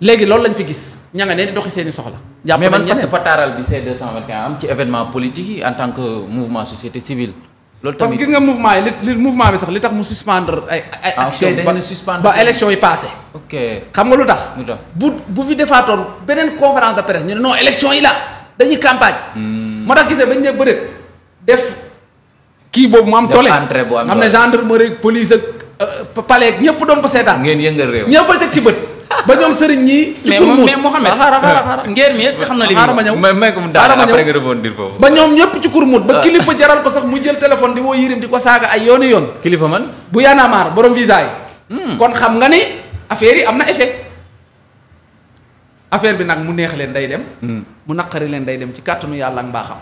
léegi loolu lañ fi gis ña nga ne di doxi seen i soxla. jàpp mais man pataaral bi C221 am ci événement politique yi en tant que mouvement société civile. loolu tamit parce que gis nga mouvement yi li mouvement bi sax li tax mu suspendre ay ay ah, action yi passé xam nga lu tax. bu bu defaa tool beneen conférence de presse ñu ne non élection yi la dañuy campagne. Hmm. moo tax gisee bañ ne bëreet def kii boobu mu am. toole xam ne gendarmerie police ak euh, palais ñëpp doon ko seetaan. ngeen yëngal réew ñëpp teg ci bët. ba ñoom sëriñ ñi. mais moom mais Mouhamed xaaral xaaral ngeer mi est-ce xam na li muy ma may ko mu daal après nga rebondir foofu. ba ñoom ñëpp ci kurmut ba ah. kilifa jaral ko sax mu jël téléphone di woo Yérim di ko saaga ay yooni yoon. kilifa man. bu Y'en a marre borom visa yi. Hmm. kon xam nga ni affaire yi am na effet. affaire bi nag mu neex leen day dem. Hmm. mu naqari leen day dem ci kàttanu yàlla ak mbaaxam.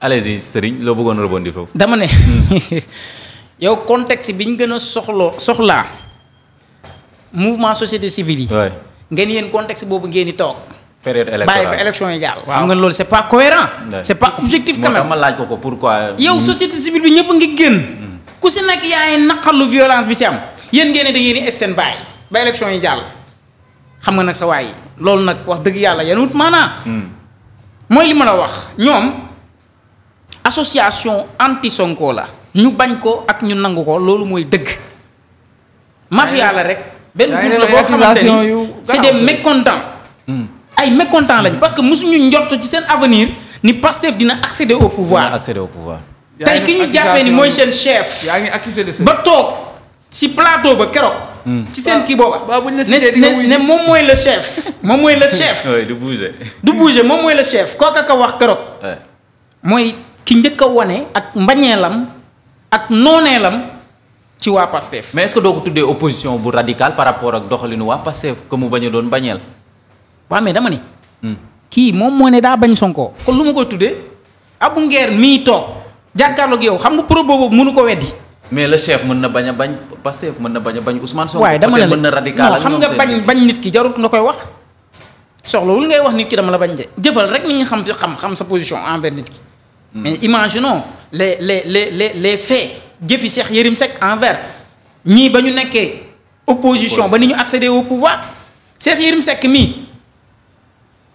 allez-y sëriñ loo bëggoon rebondir foofu. dama ne hmm. yow contexte bi ñu gën a soxloo soxlaa. mouvement société civile yi. ngeen yéen contexte boobu ngeen di toog. période électorale bàyyi ba élection yi jàll. waaw xam nga loolu c' est pas cohérent. c' pas objectif quand laaj ko ko pourquoi. yow hmm. société civile bi ñëpp ngi génn. Hmm. ku si nekk yaay naqarlu violence bi si am. yéen ngeen ne da ngeen di seen bàyyi ba élection yi jàll xam nga nag sa waay loolu nag wax dëgg yàlla yéen wut maanaa. Hmm. mooy li ma la wax ñoom association anti Sonko la. ñu bañ ko ak ñu nangu ko loolu mooy dëgg. mafia la rek. benn groupe la boo xamante ni c'est des mécontents. Hmm. ay mécontents lañ parce que mosuñu njort ci seen avenir ni Pastef dina accéder au pouvoir. dina accéder tey ki ñu jàppee ni mooy seen chef. yaa ngi de ça ba toog ci plateau ba keroog. Hmm. ci seen kii booba. ne ne moom mooy le chef. moom mooy le chef. du bouger. du bouger moom mooy le chef ka wax keroog. mooy ki njëkk a wane ak mbañeelam ak nooneelam. ci waa Pastef. mais est-ce que doo ko tuddee opposition bu radicale par rapport ak doxalinu waa Pastef que mu bañ a doon bañeel. waaw mais dama ne. Hmm. kii moom moo ne daa bañ Sonko. kon lu ma koy tuddee. Abu Ngeer mii toog. jàkkaarloog yow xam nga propos boobu mënu ko weddi. mais le chef mën na bañ a bañ Pastef mën na bañ a bañ Ousmane waaye dama ne la mën na radical non xam nga bañ bañ nit ki jarut nga koy wax. soxla soxlawul ngay wax nit ki dama la bañ de jëfal rek ni ñu xam xam xam sa position envers nit ki. Hmm. mais imaginons le les les les les jëfi Cheikh Yérim Seck envers ñii ba ñu nekkee opposition ba ni ñu accéder au pouvoir Cheikh Yérim Seck mii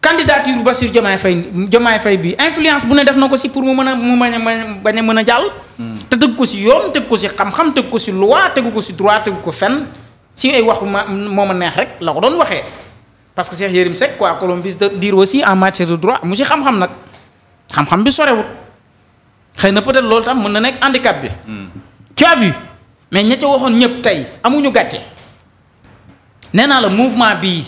candidature Bassirou Diomaye fay Diomaye fay bi influence bu ne def na ko si pour mu mën a mu mën a bañ a mën a jàll hmm. te tëgg ko si yoon tëgg ko si xam-xam tëgg ko si loi tëgg ko si droit tëgg ko fen si ay waxu ma moo ma neex rek la ko doon waxee parce que Cheikh Yérim Seck quoi Colombus de dire aussi en matière de droit mu si xam-xam nag xam-xam bi sorewut xëy na peut-être loolu tam mën na nekk handicap bi. Hmm. tu as mais ña ca waxoon ñëpp tey amuñu gàcce. nee naa la mouvement bii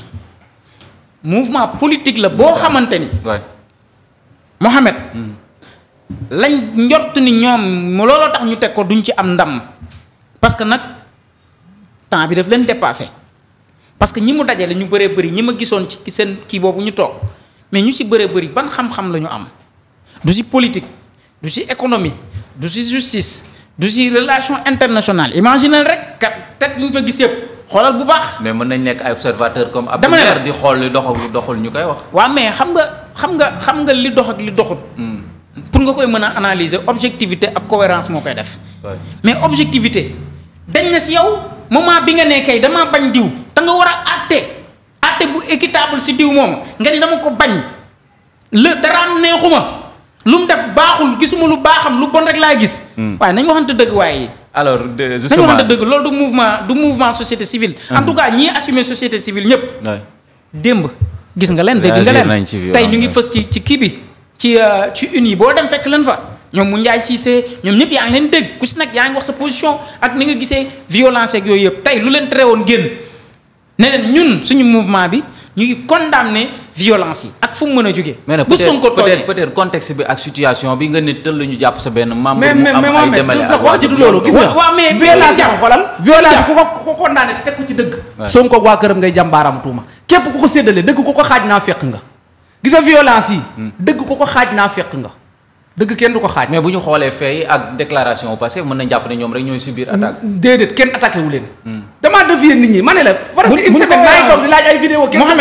mouvement politique la boo xamante ni. Mohamed. Hmm. lañ njort ni ñoom looloo tax ñu teg ko duñ ci am ndam. parce que nag temps bi daf leen dépassé parce que ñi mu dajale ñu bëree bari ñi ma gisoon ci seen kii boobu ñu toog mais ñu si bëree bari ban xam-xam la am du si politique. du ci économie du ci justice du ci relation internationale imaginez rek kat tet yi ñu fa gis yëpp xoolal bu baax. mais mën nañ nekk ay observateur comme. dama ne di xool li doxul doxul ñu koy wax. waaw mais xam nga xam nga xam nga li dox ak li hmm. pour nga koy mën a analyser objectivité ak cohérence moo koy def. mais objectivité dañ na si yow moment bi nga ne kay bañ diw danga war a àtte àtte bu équitable si diw moom nga ni dama ko bañ la daraam neexuma. lu mu def baaxul gisuma lu baaxam lu bon rek laa gis. Hmm. waaye nañ waxante dëgg waaye. alors de justement nañ waxante dëgg loolu du mouvement du mouvement société civile. Hmm. en tout cas ñii assumer société civile ñëpp. démb gis nga leen dégg nga leen tey ñu ngi fës ci ci kii bi ci euh, ci une yi boo dem fekk leen fa. ñoom mu Ndiaye Cissé ñoom ñëpp yaa ngi leen dégg ku si nag yaa ngi wax sa position ak ni nga gisee violence ak yooyu yëpp tey lu leen tere woon génn ne leen ñun suñu mouvement bi ñu ngi condamné violence yi ak fu mu mën a jugee. bu Sonko tooñee peut être contexte bi ak situation bi nga ne tël la ñu jàpp sa benn membre. mu am ay demale ak wax ji loolu gis nga. waaw mais violence jàpp xoolal. ko ku ko condamné te teg ko tuuma képp ku ko séddale dëgg ku ko xaaj naa fekk nga. gis nga violence yi. Hmm. dëgg ku ko xaaj naa fekk nga. dëgg kenn du ko xaaj. mais bu ñu xoolee fay ak déclaration au passé mën na jàpp ne ñoom rek ñooy subir attaque. déedéet kenn attaqué wu leen. Hmm. damaa dévier nit ñi ma ne la. presque une semaine maa ngi toog di laaj ay vidéo kenn Mouhamed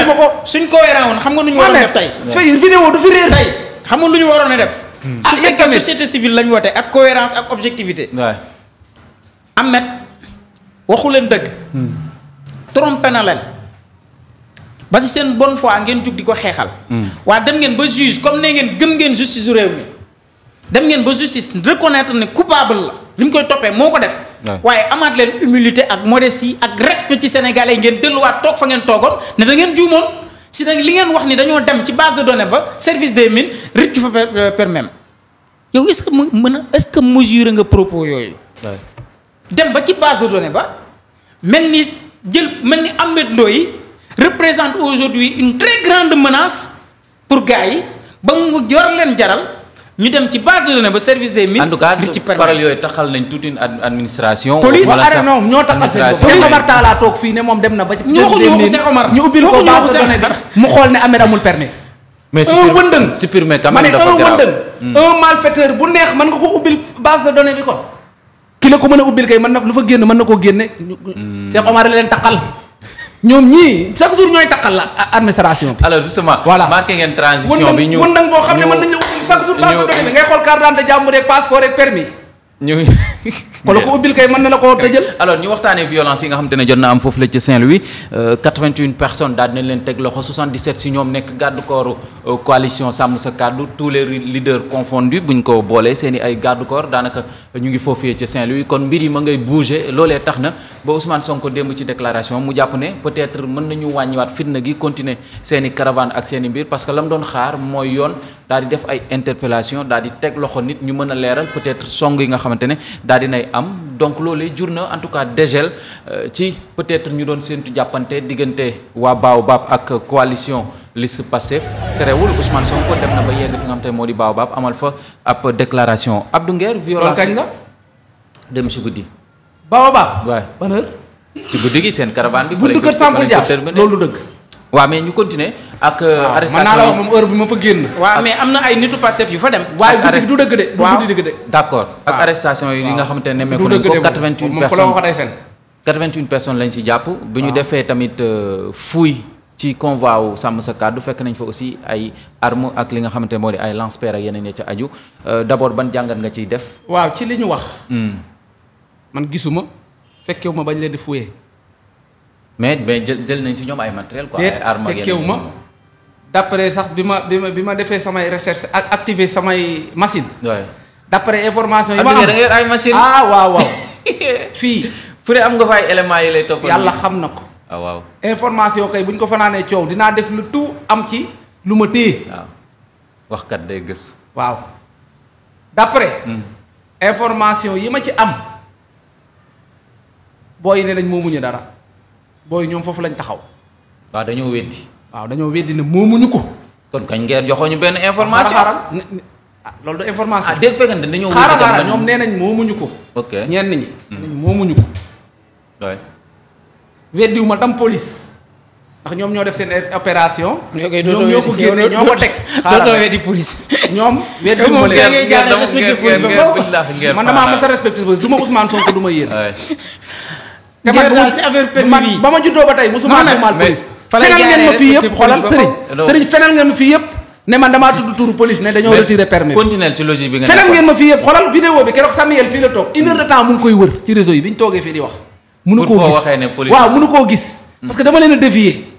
lu ñu waroon def tey. Mouhamed vidéo du fi réer tey xam nga lu ñu waroon a def. Hmm. su fekkee société civile lañ woote ak cohérence ak objectivité. waay Ahmed waxu leen dëgg. Hmm. trompé na leen. ba si seen bonne fois ngeen jug di ko xeexal. Hmm. waa dem ngeen ba juge comme ne ngeen gëm ngeen justice réew mi. dem ngeen ba justice reconnaître ne coupable la li mu koy toppee moo ko def. waaye amaat leen humilité ak modestie ak respect ci sénégalais ngeen delluwaat toog fa ngeen toogoon ne da ngeen juumoon si nag li ngeen wax ni dañoo dem ci base de données ba service des mines rëccu fa euh, per même yow est que mu mën a est-ce que mesure nga propos yooyu. dem ba ci base de données ba mel ni jël mel ni Ahmed Ndoye représente aujourd'hui une très grande menace pour gars yi ba mu war leen jaral. ñu dem ci base de données ba service des mines. en tout cas parole yooyu taxal nañ toute une administration. police wala non ñoo taxal seen bopp. Cheikh Omar Talla toog fii ne moom dem na ba. ci ñu waxul ñu Cheikh Omar ñu ko base ne Ahmed amul permis. mais wëndëng supprimer quand hmm. bu neex mën nga ko ubbil base de données bi kon. ki la ko mën a ubbil kay mën na lu fa génn mën na koo génne. Hmm. Cheikh Omar leen taxal. ñoom ñii chaque jour ñooy takkal la administration bi. alors justement voilà marqué ngeen transition bi ñu wën nag boo xam ne mën nañu chaque jour. ñu ngay xool carte d'identité jàmbur rek passeport rek permis ñu ko la ko ubbil kay mën na la koo tëjal alors ñu waxtaanee violence yi nga xam te ne jot na am foofu la ci Saint-Louis euh, personnes daal dinañ leen teg loxo euh, sa kàddu tous les leaders confondus bu ñu ko boolee seen i ay garde corps daanaka ñu ngi foofee ci Saint-Louis kon yi ma ngay bouger loolee tax na ba Ousmane Sonko démb ci déclaration mu jàpp ne peut-être mën nañu wàññiwaat fitna gi continuer seen i caravane ak seen i mbir parce que la mu doon xaar mooy yoon daal di def ay interpellation daal di teg loxo nit ñu mën a leeral peut-être song yi nga xam xamante ne daal dinay am donc loolee jur na en tout cas dégel euh, ci peut ñu doon séentu jàppante diggante waa Baobab ak coalition liste Pastef terewul Ousmane Sonko dem na ba yegg fi nga xam te moo di Baobab amal fa ab déclaration Abdou Nguer violence dem si guddi Baobab waay ban heure ci guddi gi seen caravane bi buntu kër Samba Dia loolu dëgg waaw mais ñu continuer ak. Euh, arrestation man moom heure bi ma fa génn. waa mais am na ay nitu Pastef yu fa dem. waaye guddi du dëgg de. waaw d'accord ak arrestation yi nga xamante ne nemmeeku nañ ko 81 personnes 81 personnes lañ si jàpp. bi ñu defee tamit euh, fouille ci convoi wu sàmm sa kàddu fekk nañ fa aussi ay armes ak li nga xamante ne moo di ay lance-pierre ak yeneen ya ca aju euh, d'abord ban jàngat nga ciy def. waaw ci li ñu wax. Hmm. man gisuma fekkewuma bañ leen di fouiller. mais mais jël jël nañ si ñoom ay matériel quoi ay armes ak yeneen ma d' après sax bi ma bi bi ma defee samay recherche ak activé samay machine d' après information yi ay machine ah waaw am nga fa ay éléments lay topp yàlla xam na ko ah, waaw information kay bu ñu ko fanaanee coow dinaa def lu tout am ci lu ma téye waxkat day gës waaw d' après hmm. information yi ma ci am booy ne dañ moo muñu dara booy ñoom foofu lañ taxaw. waaw dañoo weddi. waaw dañoo weddi ne moomuñu ko. kon kañ ngeen joxoñu benn information ah, loolu du information. ah dégg fekk na nee nañ moomuñu ko. ok ñenn ñi. Hmm. moomuñu ko. waay. weddiwuma tam police. ndax ñoom ñoo def seen opération. ñoom ñoo ko génne ñoo ko teg. xaaral dootoo weddi police. ñoom weddiwuma leen ngeen ngeen ngeen ngeen ngeen ngeen ngeen ngeen ngeen te man ba ma juddoo ba tey musuma tuumaal police fenal ngeen ma fii yëpp xoolal sëriñ sëriñ fenal ngeen ma fii yëpp ne man damaa tudd turu police ne dañoo retiré permis bi fenal ngeen ma fii yëpp xoolal vidéo bi keroog Samuel fii la toog une de temps mu ngi koy wër ci réseau yi bi ñu toogee fii di wax mënu koo gis waaw mënu koo gis parce que dama leen a